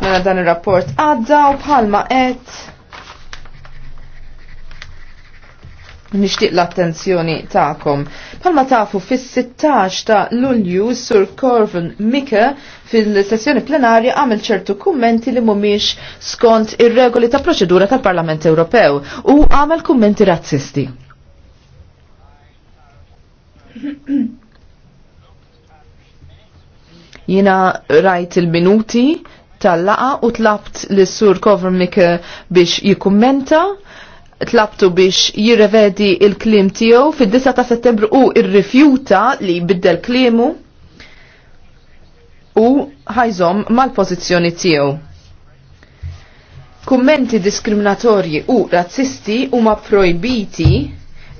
Mena dan ir-rapport għadda u bħalma qed nixtieq l-attenzjoni tagħkom. Palma tafu fis-16 ta' Lulju Sur Corvin Mika fil-sessjoni plenarja għamil ċertu kummenti li mhumiex skont ir-regoli ta' proċedura tal-Parlament Ewropew u għamel kummenti razzisti. jina rajt il-minuti tal-laqa u tlabt li sur Kovrmik eh, biex jikummenta, tlabtu biex jirrevedi il-klim tiegħu fid-9 ta' settembru u rrifjuta li jbiddel klimu u ħajżom mal-pożizzjoni tiegħu. Kummenti diskriminatorji u razzisti huma projbiti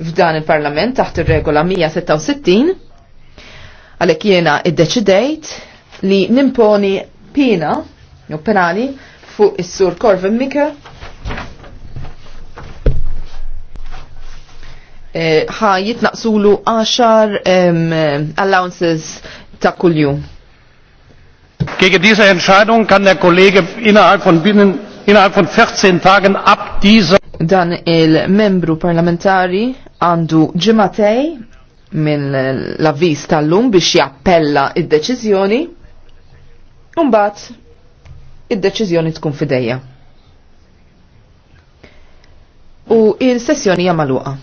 f'dan il-Parlament taħt ir-regola 166 għalhekk jiena iddeċidejt li nimponi pina jew penali fuq is-sur Corvin Mika eh, ħa e, jitnaqsulu 10 um, allowances ta' kuljum. Gegen diese Entscheidung kann der Kollege innerhalb von binnen innerhalb von 14 Tagen ab dieser Dan il-membru parlamentari għandu ġimatej minn l-avviz tal-lum biex jappella id-deċizjoni. Umbat, id-deċiżjoni tkun fidejja. U il-sessjoni hija magħluqa.